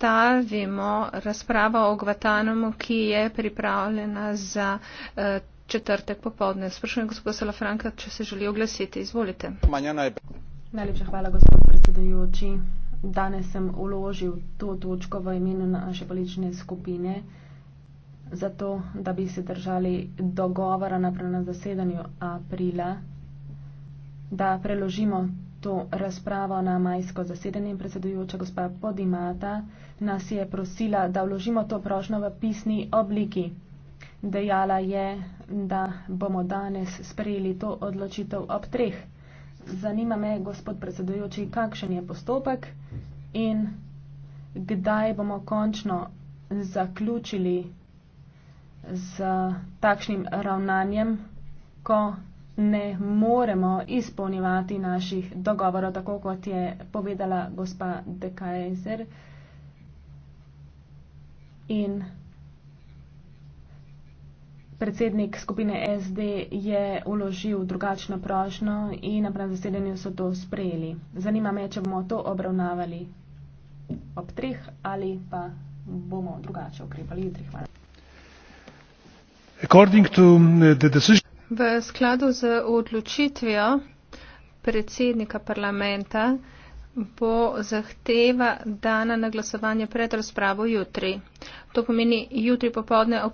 predstavimo razpravo o Gvatanomu, ki je pripravljena za eh, četrtek popovdne. Sprašujem gospod Salafranka, če se želi oglasiti. Izvolite. Najlepša hvala, gospod predsedajoči. Danes sem uložil to točko v imenu naše politične skupine, zato da bi se držali dogovora na zasedanju aprila, da preložimo to razpravo na majsko zasedanje in predsedujoča gospa Podimata nas je prosila, da vložimo to prošno v pisni obliki. Dejala je, da bomo danes sprejeli to odločitev ob treh. Zanima me, gospod predsedujoči, kakšen je postopek in kdaj bomo končno zaključili z takšnim ravnanjem, ko ne moremo izpolnjevati naših dogovorov, tako kot je povedala gospa De Kaiser. In predsednik skupine SD je uložil drugačno prošno in na zasedanju so to sprejeli. Zanima me, če bomo to obravnavali ob treh ali pa bomo drugače ukrepali jutri. Hvala. According to uh, the decision V skladu z odločitvijo predsednika parlamenta bo zahteva dana na glasovanje pred razpravo jutri. To pomeni jutri popovdne ob